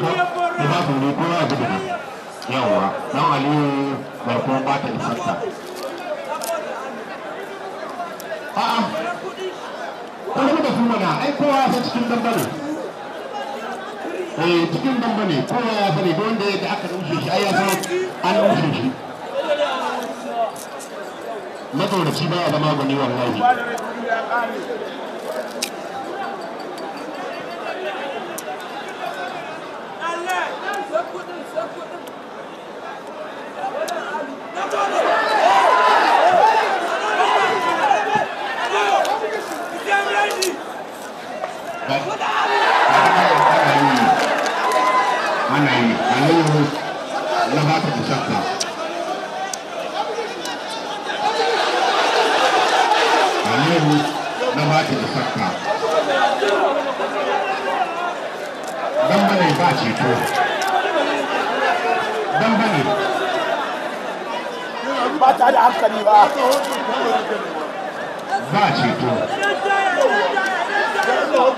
littafin ne kowa ya gudu yawwa dan aliyu barkon ba ta isarta a'a kuma da su mana ai kowa ya san cikin dambane eh cikin dambane kowa ya sani don da yadda aka rushe shi ai ya san an rushe shi matsoraci ba ya zama gwani wallahi ta ana yi na ba ka musakka na ba ba Ba da hankali ba. Ba ceto.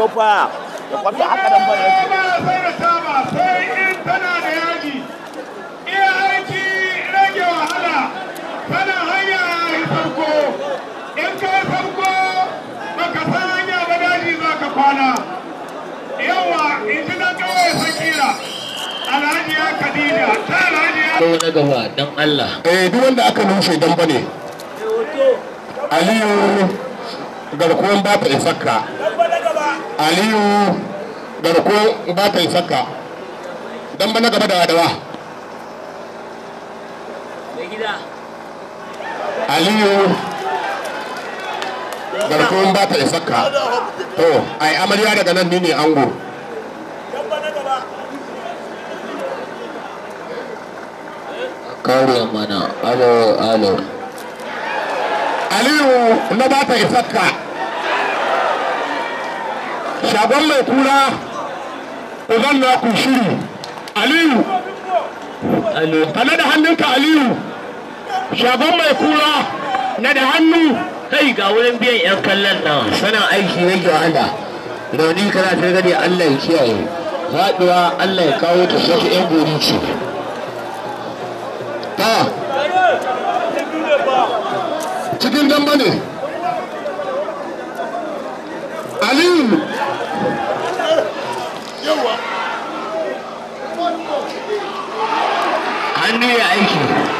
zo fa ya kwanta haka dan ba yake sai da in tana da yaji iya aiki rage wahala kana hanya yi farko kwana yawa na kadija ta gaba dan Allah eh duk aka nushe dan bane Aliyu garkuwan ba ta isakka aliyu garko ba ta yi saka don bane gaba da adawa aliyu garko ba ta saka to ai amarya daga nan ni ne ango kawo mana alo alo aliyu na ba ta saka shagon mai kura uban na ku shiri aliyu ka da hannunka aliyu shagon mai kura na da hannu kai ga wurin biyan yan kallon nan sanin aiki yake wahala rauni kana ta gani allah ya kiyaye faɗuwa allah ya kawo ta sauki yan gori ce ta cikin damba ne aliyu An ne aiki.